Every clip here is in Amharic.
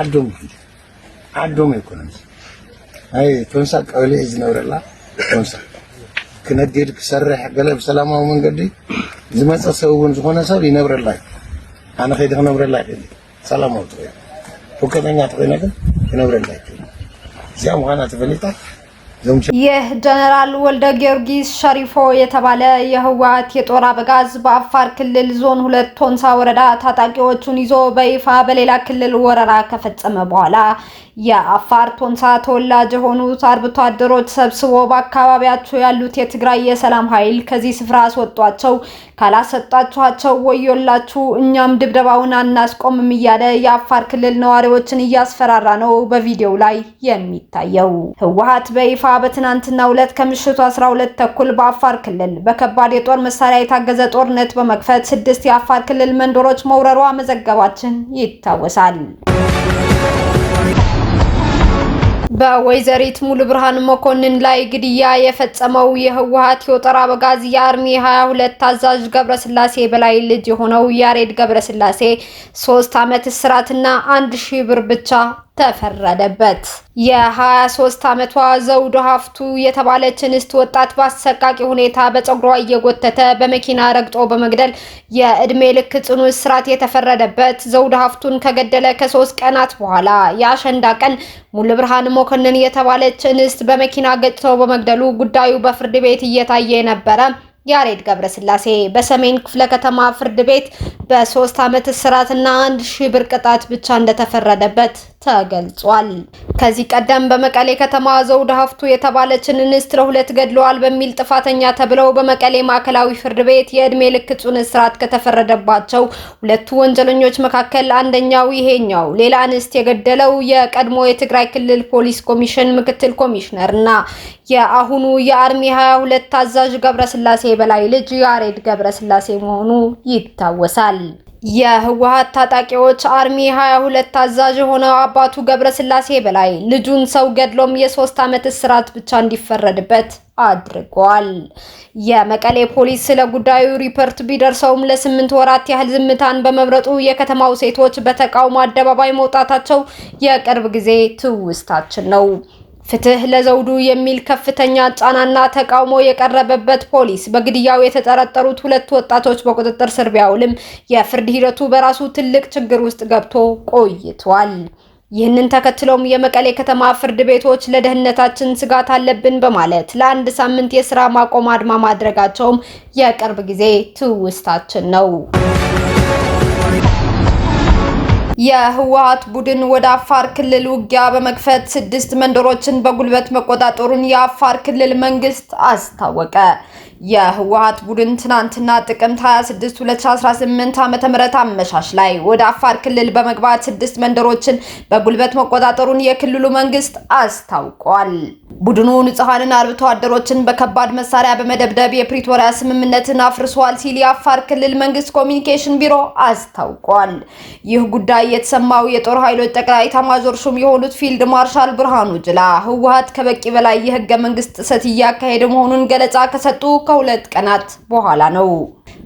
አዶም አዶም ይኮነን አይ ቶንሳ ቀበሌ እዚ ቶንሳ ክነግድ ክሰርሕ ገለ ብሰላማዊ መንገዲ ዝመፀ ሰብ እውን ዝኾነ ሰብ ይነብረላ ኣነ ከይዲ ክነብረላ ይደሊ ሰላማዊ ትኮይ ሁከተኛ ተኮይነ ግን ክነብረላ ይደሊ እዚኣ ምኳና ተፈሊጣ ይህ ጀነራል ወልደ ጊዮርጊስ ሸሪፎ የተባለ የህወሓት የጦር አበጋዝ በአፋር ክልል ዞን ሁለት ቶንሳ ወረዳ ታጣቂዎቹን ይዞ በይፋ በሌላ ክልል ወረራ ከፈጸመ በኋላ የአፋር ቶንሳ ተወላጅ የሆኑት አርብቶ አደሮች ሰብስቦ በአካባቢያቸው ያሉት የትግራይ የሰላም ኃይል ከዚህ ስፍራ አስወጧቸው፣ ካላሰጣችኋቸው ወዮላችሁ፣ እኛም ድብደባውን አናስቆምም እያለ የአፋር ክልል ነዋሪዎችን እያስፈራራ ነው በቪዲዮው ላይ የሚታየው። ህወሀት በይፋ በትናንትናው ዕለት ከምሽቱ 12 ተኩል በአፋር ክልል በከባድ የጦር መሳሪያ የታገዘ ጦርነት በመክፈት ስድስት የአፋር ክልል መንደሮች መውረሯ መዘገባችን ይታወሳል። በወይዘሪት ሙሉ ብርሃን መኮንን ላይ ግድያ የፈጸመው የህወሀት የወጠራ አበጋዝ የአርሚ 22 አዛዥ ገብረስላሴ በላይ ልጅ የሆነው ያሬድ ገብረስላሴ ሶስት ዓመት እስራትና አንድ ሺህ ብር ብቻ ተፈረደበት። የ23 ዓመቷ ዘውዱ ሀፍቱ የተባለች እንስት ወጣት በአሰቃቂ ሁኔታ በፀጉሯ እየጎተተ በመኪና ረግጦ በመግደል የእድሜ ልክ ጽኑ እስራት የተፈረደበት ዘውዱ ሀፍቱን ከገደለ ከሶስት ቀናት በኋላ የአሸንዳ ቀን ሙሉ ብርሃን መኮንን የተባለች እንስት በመኪና ገጭቶ በመግደሉ ጉዳዩ በፍርድ ቤት እየታየ ነበረ ያሬድ ገብረስላሴ በሰሜን ክፍለ ከተማ ፍርድ ቤት በሶስት ዓመት እስራትና አንድ ሺህ ብር ቅጣት ብቻ እንደተፈረደበት ተገልጿል። ከዚህ ቀደም በመቀሌ ከተማ ዘውድ ሀፍቱ የተባለችን እንስት ለሁለት ገድለዋል በሚል ጥፋተኛ ተብለው በመቀሌ ማዕከላዊ ፍርድ ቤት የእድሜ ልክ ጽኑ እስራት ከተፈረደባቸው ሁለቱ ወንጀለኞች መካከል አንደኛው ይሄኛው ሌላ እንስት የገደለው የቀድሞ የትግራይ ክልል ፖሊስ ኮሚሽን ምክትል ኮሚሽነር እና የአሁኑ የአርሚ 22 አዛዥ ገብረስላሴ የበላይ ልጅ ያሬድ ገብረስላሴ መሆኑ ይታወሳል። የህወሀት ታጣቂዎች አርሚ 22 አዛዥ የሆነው አባቱ ገብረስላሴ በላይ ልጁን ሰው ገድሎም የሶስት ዓመት እስራት ብቻ እንዲፈረድበት አድርጓል። የመቀሌ ፖሊስ ስለ ጉዳዩ ሪፖርት ቢደርሰውም ለስምንት ወራት ያህል ዝምታን በመምረጡ የከተማው ሴቶች በተቃውሞ አደባባይ መውጣታቸው የቅርብ ጊዜ ትውስታችን ነው። ፍትህ ለዘውዱ የሚል ከፍተኛ ጫናና ተቃውሞ የቀረበበት ፖሊስ በግድያው የተጠረጠሩት ሁለት ወጣቶች በቁጥጥር ስር ቢያውልም የፍርድ ሂደቱ በራሱ ትልቅ ችግር ውስጥ ገብቶ ቆይቷል። ይህንን ተከትሎም የመቀሌ ከተማ ፍርድ ቤቶች ለደህንነታችን ስጋት አለብን በማለት ለአንድ ሳምንት የስራ ማቆም አድማ ማድረጋቸውም የቅርብ ጊዜ ትውስታችን ነው። የህወሀት ቡድን ወደ አፋር ክልል ውጊያ በመክፈት ስድስት መንደሮችን በጉልበት መቆጣጠሩን የአፋር ክልል መንግስት አስታወቀ። የህወሀት ቡድን ትናንትና ጥቅምት 26 2018 ዓ.ም አመሻሽ ላይ ወደ አፋር ክልል በመግባት ስድስት መንደሮችን በጉልበት መቆጣጠሩን የክልሉ መንግስት አስታውቋል። ቡድኑ ንጹሐንን አርብቶ አደሮችን በከባድ መሳሪያ በመደብደብ የፕሪቶሪያ ስምምነትን አፍርሷል ሲል የአፋር ክልል መንግስት ኮሚኒኬሽን ቢሮ አስታውቋል። ይህ ጉዳይ የተሰማው የጦር ኃይሎች ጠቅላይ ኤታማዦር ሹም የሆኑት ፊልድ ማርሻል ብርሃኑ ጅላ ህወሀት ከበቂ በላይ የህገ መንግስት ጥሰት እያካሄደ መሆኑን ገለጻ ከሰጡ ከሁለት ቀናት በኋላ ነው።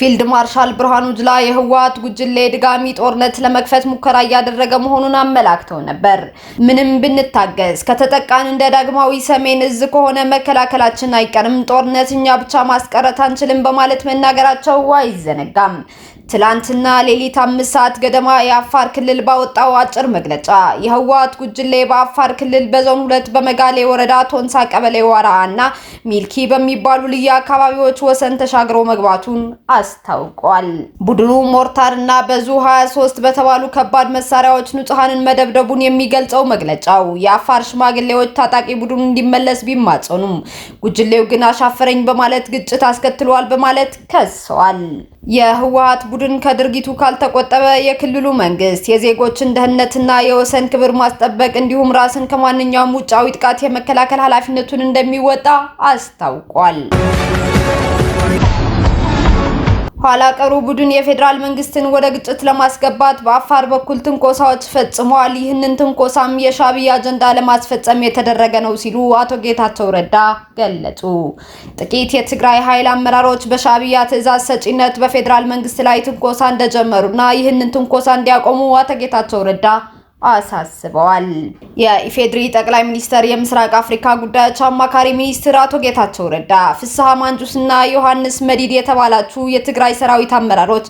ፊልድ ማርሻል ብርሃኑ ጁላ የህወሓት ጉጅሌ ድጋሚ ጦርነት ለመክፈት ሙከራ እያደረገ መሆኑን አመላክተው ነበር። ምንም ብንታገዝ ከተጠቃን እንደ ዳግማዊ ሰሜን እዝ ከሆነ መከላከላችን አይቀርም፣ ጦርነት እኛ ብቻ ማስቀረት አንችልም በማለት መናገራቸው አይዘነጋም። ትላንትና ሌሊት አምስት ሰዓት ገደማ የአፋር ክልል ባወጣው አጭር መግለጫ የህወሓት ጉጅሌ በአፋር ክልል በዞን ሁለት በመጋሌ ወረዳ ቶንሳ ቀበሌ ዋራ እና ሚልኪ በሚባሉ ልዩ አካባቢዎች ወሰን ተሻግሮ መግባቱን አስታውቋል። ቡድኑ ሞርታር እና በዙ 23 በተባሉ ከባድ መሳሪያዎች ንጹሐንን መደብደቡን የሚገልጸው መግለጫው የአፋር ሽማግሌዎች ታጣቂ ቡድኑ እንዲመለስ ቢማጸኑም ጉጅሌው ግን አሻፈረኝ በማለት ግጭት አስከትሏል በማለት ከሰዋል። የህወሀት ቡድን ከድርጊቱ ካልተቆጠበ የክልሉ መንግስት የዜጎችን ደህንነትና የወሰን ክብር ማስጠበቅ እንዲሁም ራስን ከማንኛውም ውጫዊ ጥቃት የመከላከል ኃላፊነቱን እንደሚወጣ አስታውቋል። ኋላ ቀሩ ቡድን የፌዴራል መንግስትን ወደ ግጭት ለማስገባት በአፋር በኩል ትንኮሳዎች ፈጽመዋል። ይህንን ትንኮሳም የሻዕቢያ አጀንዳ ለማስፈጸም የተደረገ ነው ሲሉ አቶ ጌታቸው ረዳ ገለጹ። ጥቂት የትግራይ ኃይል አመራሮች በሻዕቢያ ትዕዛዝ ሰጪነት በፌዴራል መንግስት ላይ ትንኮሳ እንደጀመሩና ይህንን ትንኮሳ እንዲያቆሙ አቶ ጌታቸው ረዳ አሳስበዋል። የኢፌዴሪ ጠቅላይ ሚኒስተር የምስራቅ አፍሪካ ጉዳዮች አማካሪ ሚኒስትር አቶ ጌታቸው ረዳ ፍስሐ ማንጁስና ዮሐንስ መዲድ የተባላችሁ የትግራይ ሰራዊት አመራሮች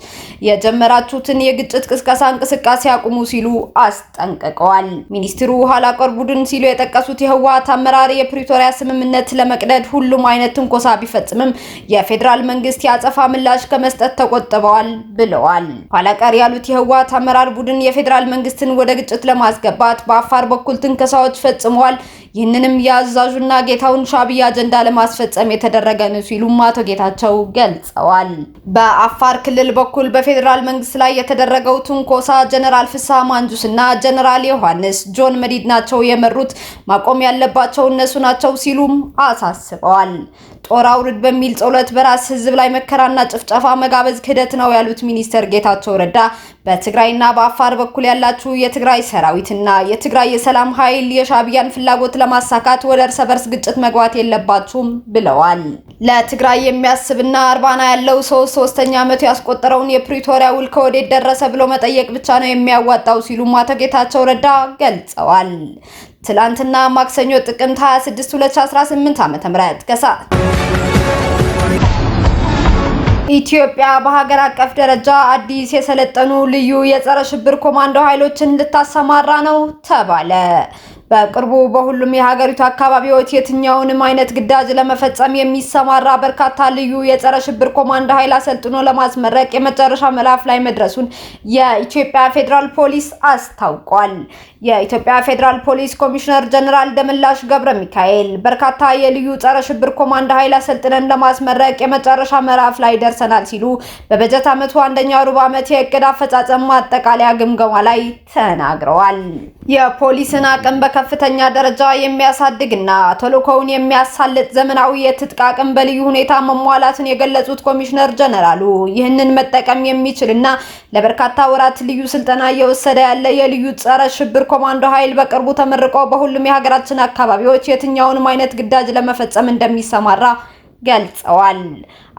የጀመራችሁትን የግጭት ቅስቀሳ እንቅስቃሴ አቁሙ ሲሉ አስጠንቅቀዋል። ሚኒስትሩ ኋላቀር ቡድን ሲሉ የጠቀሱት የህወሀት አመራር የፕሪቶሪያ ስምምነት ለመቅደድ ሁሉም አይነት ትንኮሳ ቢፈጽምም የፌዴራል መንግስት የአጸፋ ምላሽ ከመስጠት ተቆጥበዋል ብለዋል። ኋላቀር ያሉት የህወሀት አመራር ቡድን የፌዴራል መንግስትን ወደ ግጭት ግጭት ለማስገባት በአፋር በኩል ትንከሳዎች ፈጽመዋል። ይህንንም የአዛዡና ጌታውን ሻዕቢያ አጀንዳ ለማስፈጸም የተደረገ ነው ሲሉም አቶ ጌታቸው ገልጸዋል። በአፋር ክልል በኩል በፌዴራል መንግስት ላይ የተደረገው ትንኮሳ ጀነራል ፍሳ ማንጁስ እና ጀነራል ዮሐንስ ጆን መዲድ ናቸው የመሩት፣ ማቆም ያለባቸው እነሱ ናቸው ሲሉም አሳስበዋል። ጦር አውርድ በሚል ጸሎት በራስ ህዝብ ላይ መከራና ጭፍጨፋ መጋበዝ ክህደት ነው ያሉት ሚኒስተር ጌታቸው ረዳ በትግራይና በአፋር በኩል ያላችሁ የትግራይ ሰራዊትና የትግራይ የሰላም ኃይል የሻቢያን ፍላጎት ለማሳካት ወደ እርስ በርስ ግጭት መግባት የለባችሁም ብለዋል። ለትግራይ የሚያስብና አርባና ያለው ሰው ሶስተኛ ዓመቱ ያስቆጠረውን የፕሪቶሪያ ውል ከወዴት ደረሰ ብሎ መጠየቅ ብቻ ነው የሚያዋጣው ሲሉ አቶ ጌታቸው ረዳ ገልጸዋል። ትላንትና ማክሰኞ ጥቅምት 26 2018 ም ከሰዓት ኢትዮጵያ በሀገር አቀፍ ደረጃ አዲስ የሰለጠኑ ልዩ የጸረ ሽብር ኮማንዶ ኃይሎችን ልታሰማራ ነው ተባለ። በቅርቡ በሁሉም የሀገሪቱ አካባቢዎች የትኛውንም አይነት ግዳጅ ለመፈጸም የሚሰማራ በርካታ ልዩ የጸረ ሽብር ኮማንዶ ኃይል አሰልጥኖ ለማስመረቅ የመጨረሻ ምዕራፍ ላይ መድረሱን የኢትዮጵያ ፌዴራል ፖሊስ አስታውቋል። የኢትዮጵያ ፌዴራል ፖሊስ ኮሚሽነር ጀነራል ደመላሽ ገብረ ሚካኤል በርካታ የልዩ ጸረ ሽብር ኮማንዶ ኃይል አሰልጥነን ለማስመረቅ የመጨረሻ ምዕራፍ ላይ ደርሰናል ሲሉ በበጀት ዓመቱ አንደኛ ሩብ ዓመት የእቅድ አፈጻጸም ማጠቃለያ ግምገማ ላይ ተናግረዋል። የፖሊስን አቅም ከፍተኛ ደረጃ የሚያሳድግና ተልዕኮውን የሚያሳልጥ ዘመናዊ የትጥቅ አቅም በልዩ ሁኔታ መሟላትን የገለጹት ኮሚሽነር ጀነራሉ ይህንን መጠቀም የሚችልና ለበርካታ ወራት ልዩ ስልጠና እየወሰደ ያለ የልዩ ጸረ ሽብር ኮማንዶ ኃይል በቅርቡ ተመርቆ በሁሉም የሀገራችን አካባቢዎች የትኛውንም አይነት ግዳጅ ለመፈጸም እንደሚሰማራ ገልጸዋል።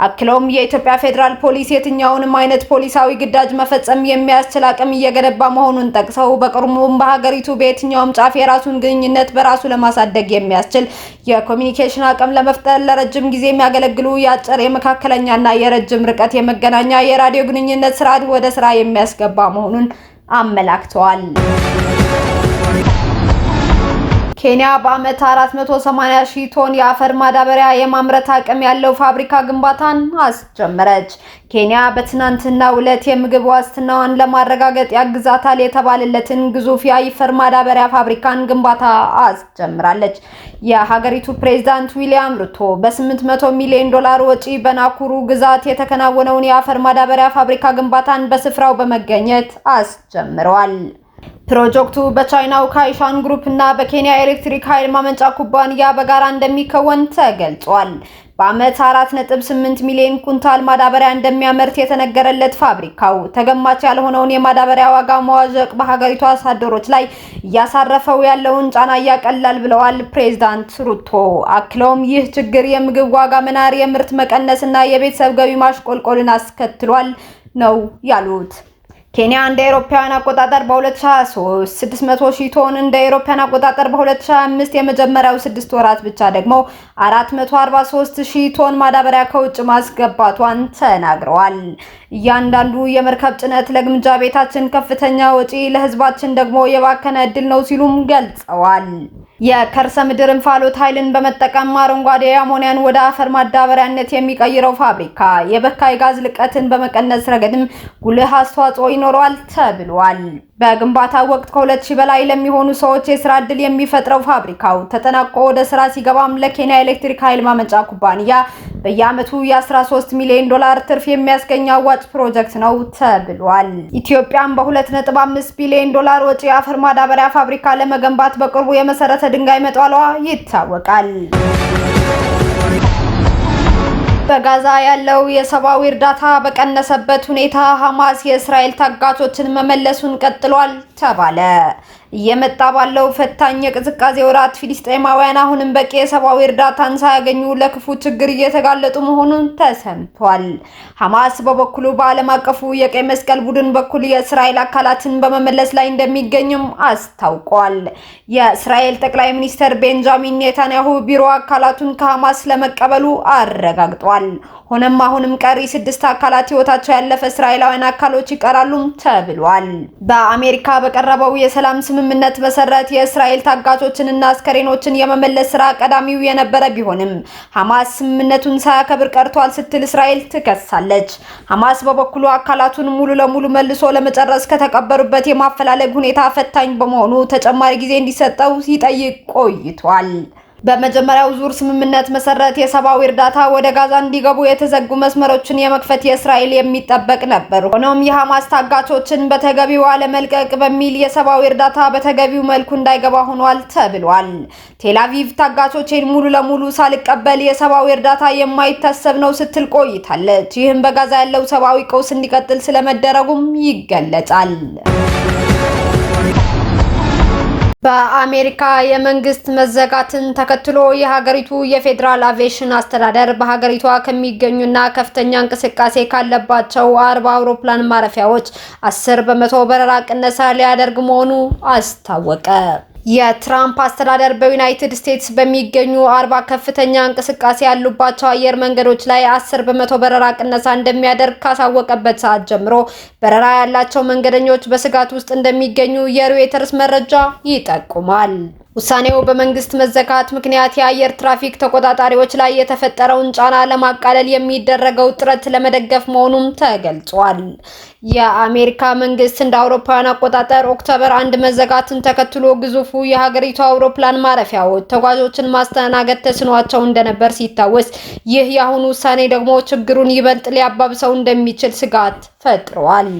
አክለውም የኢትዮጵያ ፌዴራል ፖሊስ የትኛውንም አይነት ፖሊሳዊ ግዳጅ መፈጸም የሚያስችል አቅም እየገነባ መሆኑን ጠቅሰው በቅርቡም በሀገሪቱ በየትኛውም ጫፍ የራሱን ግንኙነት በራሱ ለማሳደግ የሚያስችል የኮሚኒኬሽን አቅም ለመፍጠር ለረጅም ጊዜ የሚያገለግሉ የአጭር የመካከለኛና የረጅም ርቀት የመገናኛ የራዲዮ ግንኙነት ስርዓት ወደ ስራ የሚያስገባ መሆኑን አመላክተዋል። ኬንያ በዓመት 480 ሺህ ቶን የአፈር ማዳበሪያ የማምረት አቅም ያለው ፋብሪካ ግንባታን አስጀመረች። ኬንያ በትናንትና ዕለት የምግብ ዋስትናዋን ለማረጋገጥ ያግዛታል የተባለለትን ግዙፍ የአፈር ማዳበሪያ ፋብሪካን ግንባታ አስጀምራለች። የሀገሪቱ ፕሬዝዳንት ዊሊያም ሩቶ በ800 ሚሊዮን ዶላር ወጪ በናኩሩ ግዛት የተከናወነውን የአፈር ማዳበሪያ ፋብሪካ ግንባታን በስፍራው በመገኘት አስጀምረዋል። ፕሮጀክቱ በቻይናው ካይሻን ግሩፕ እና በኬንያ ኤሌክትሪክ ኃይል ማመንጫ ኩባንያ በጋራ እንደሚከወን ተገልጿል። በዓመት 4.8 ሚሊዮን ኩንታል ማዳበሪያ እንደሚያመርት የተነገረለት ፋብሪካው ተገማች ያልሆነውን የማዳበሪያ ዋጋ መዋዠቅ በሀገሪቱ አሳደሮች ላይ እያሳረፈው ያለውን ጫና እያቀላል ብለዋል ፕሬዝዳንት ሩቶ። አክለውም ይህ ችግር የምግብ ዋጋ መናር፣ የምርት መቀነስ እና የቤተሰብ ገቢ ማሽቆልቆልን አስከትሏል ነው ያሉት። ኬንያ እንደ አውሮፓውያን አቆጣጠር በ2023 600 ሺህ ቶን እንደ አውሮፓውያን አቆጣጠር በ2025 የመጀመሪያው 6 ወራት ብቻ ደግሞ 443 ሺህ ቶን ማዳበሪያ ከውጭ ማስገባቷን ተናግረዋል። እያንዳንዱ የመርከብ ጭነት ለግምጃ ቤታችን ከፍተኛ ወጪ፣ ለህዝባችን ደግሞ የባከነ እድል ነው ሲሉም ገልጸዋል። የከርሰ ምድር እንፋሎት ኃይልን በመጠቀም አረንጓዴ አሞኒያን ወደ አፈር ማዳበሪያነት የሚቀይረው ፋብሪካ የበካይ ጋዝ ልቀትን በመቀነስ ረገድም ጉልህ አስተዋጽኦ ይኖረዋል ተብሏል። በግንባታ ወቅት ከ2000 በላይ ለሚሆኑ ሰዎች የስራ ዕድል የሚፈጥረው ፋብሪካው ተጠናቆ ወደ ስራ ሲገባም ለኬንያ ኤሌክትሪክ ኃይል ማመንጫ ኩባንያ በየዓመቱ የ13 ሚሊዮን ዶላር ትርፍ የሚያስገኝ አዋጭ ፕሮጀክት ነው ተብሏል። ኢትዮጵያም በ2.5 ቢሊዮን ዶላር ወጪ የአፈር ማዳበሪያ ፋብሪካ ለመገንባት በቅርቡ የመሰረተ ድንጋይ መጣሏ ይታወቃል። በጋዛ ያለው የሰብአዊ እርዳታ በቀነሰበት ሁኔታ ሐማስ የእስራኤል ታጋቾችን መመለሱን ቀጥሏል ተባለ። እየመጣ ባለው ፈታኝ የቅዝቃዜ ወራት ፊልስጤማውያን አሁንም በቂ የሰብአዊ እርዳታን ሳያገኙ ለክፉ ችግር እየተጋለጡ መሆኑን ተሰምቷል። ሐማስ በበኩሉ በዓለም አቀፉ የቀይ መስቀል ቡድን በኩል የእስራኤል አካላትን በመመለስ ላይ እንደሚገኝም አስታውቋል። የእስራኤል ጠቅላይ ሚኒስትር ቤንጃሚን ኔታንያሁ ቢሮ አካላቱን ከሐማስ ለመቀበሉ አረጋግጧል። ሆነም አሁንም ቀሪ ስድስት አካላት ህይወታቸው ያለፈ እስራኤላውያን አካሎች ይቀራሉም ተብሏል። በአሜሪካ በቀረበው የሰላም ስምምነት መሰረት የእስራኤል ታጋቾችንና አስከሬኖችን የመመለስ ስራ ቀዳሚው የነበረ ቢሆንም ሐማስ ስምምነቱን ሳያከብር ቀርቷል ስትል እስራኤል ትከሳለች። ሐማስ በበኩሉ አካላቱን ሙሉ ለሙሉ መልሶ ለመጨረስ ከተቀበሩበት የማፈላለግ ሁኔታ ፈታኝ በመሆኑ ተጨማሪ ጊዜ እንዲሰጠው ሲጠይቅ ቆይቷል። በመጀመሪያው ዙር ስምምነት መሰረት የሰብአዊ እርዳታ ወደ ጋዛ እንዲገቡ የተዘጉ መስመሮችን የመክፈት የእስራኤል የሚጠበቅ ነበር። ሆኖም የሐማስ ታጋቾችን በተገቢው አለመልቀቅ በሚል የሰብአዊ እርዳታ በተገቢው መልኩ እንዳይገባ ሆኗል ተብሏል። ቴላቪቭ ታጋቾችን ሙሉ ለሙሉ ሳልቀበል የሰብአዊ እርዳታ የማይታሰብ ነው ስትል ቆይታለች። ይህም በጋዛ ያለው ሰብአዊ ቀውስ እንዲቀጥል ስለመደረጉም ይገለጻል። በአሜሪካ የመንግስት መዘጋትን ተከትሎ የሀገሪቱ የፌዴራል አቪዬሽን አስተዳደር በሀገሪቷ ከሚገኙና ከፍተኛ እንቅስቃሴ ካለባቸው አርባ አውሮፕላን ማረፊያዎች አስር በመቶ በረራ ቅነሳ ሊያደርግ መሆኑ አስታወቀ። የትራምፕ አስተዳደር በዩናይትድ ስቴትስ በሚገኙ አርባ ከፍተኛ እንቅስቃሴ ያሉባቸው አየር መንገዶች ላይ አስር በመቶ በረራ ቅነሳ እንደሚያደርግ ካሳወቀበት ሰዓት ጀምሮ በረራ ያላቸው መንገደኞች በስጋት ውስጥ እንደሚገኙ የሮይተርስ መረጃ ይጠቁማል። ውሳኔው በመንግስት መዘጋት ምክንያት የአየር ትራፊክ ተቆጣጣሪዎች ላይ የተፈጠረውን ጫና ለማቃለል የሚደረገው ጥረት ለመደገፍ መሆኑም ተገልጿል። የአሜሪካ መንግስት እንደ አውሮፓውያን አቆጣጠር ኦክቶበር አንድ መዘጋትን ተከትሎ ግዙፉ የሀገሪቱ አውሮፕላን ማረፊያዎች ተጓዦችን ማስተናገድ ተስኗቸው እንደነበር ሲታወስ፣ ይህ የአሁኑ ውሳኔ ደግሞ ችግሩን ይበልጥ ሊያባብሰው እንደሚችል ስጋት ፈጥሯል።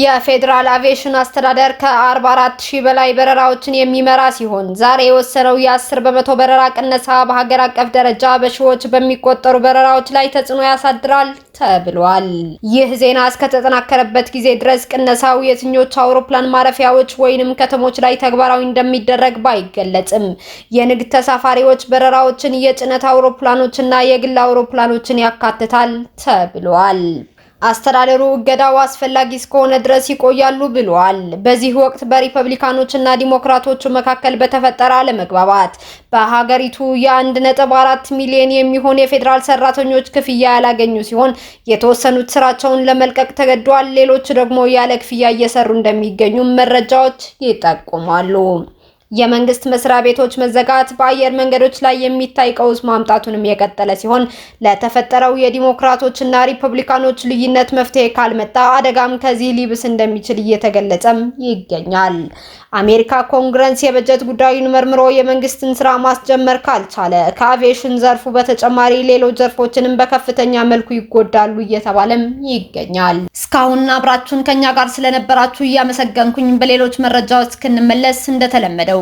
የፌዴራል አቪዬሽን አስተዳደር ከ44 ሺህ በላይ በረራዎችን የሚመራ ሲሆን ዛሬ የወሰነው የ10 በመቶ በረራ ቅነሳ በሀገር አቀፍ ደረጃ በሺዎች በሚቆጠሩ በረራዎች ላይ ተጽዕኖ ያሳድራል ተብሏል። ይህ ዜና እስከተጠናከረበት ጊዜ ድረስ ቅነሳው የትኞቹ አውሮፕላን ማረፊያዎች ወይንም ከተሞች ላይ ተግባራዊ እንደሚደረግ ባይገለጽም የንግድ ተሳፋሪዎች በረራዎችን፣ የጭነት አውሮፕላኖችና የግል አውሮፕላኖችን ያካትታል ተብሏል። አስተዳደሩ እገዳው አስፈላጊ እስከሆነ ድረስ ይቆያሉ ብሏል። በዚህ ወቅት በሪፐብሊካኖች እና ዲሞክራቶቹ መካከል በተፈጠረ አለመግባባት በሀገሪቱ የአንድ ነጥብ አራት ሚሊዮን የሚሆን የፌዴራል ሰራተኞች ክፍያ ያላገኙ ሲሆን የተወሰኑት ስራቸውን ለመልቀቅ ተገደዋል። ሌሎች ደግሞ ያለ ክፍያ እየሰሩ እንደሚገኙ መረጃዎች ይጠቁማሉ። የመንግስት መስሪያ ቤቶች መዘጋት በአየር መንገዶች ላይ የሚታይ ቀውስ ማምጣቱንም የቀጠለ ሲሆን ለተፈጠረው የዲሞክራቶችና ሪፐብሊካኖች ልዩነት መፍትሄ ካልመጣ አደጋም ከዚህ ሊብስ እንደሚችል እየተገለጸም ይገኛል። አሜሪካ ኮንግረስ የበጀት ጉዳዩን መርምሮ የመንግስትን ስራ ማስጀመር ካልቻለ ከአቪዬሽን ዘርፉ በተጨማሪ ሌሎች ዘርፎችንም በከፍተኛ መልኩ ይጎዳሉ እየተባለም ይገኛል። እስካሁን አብራችሁን ከኛ ጋር ስለነበራችሁ እያመሰገንኩኝ በሌሎች መረጃዎች እስክንመለስ እንደተለመደው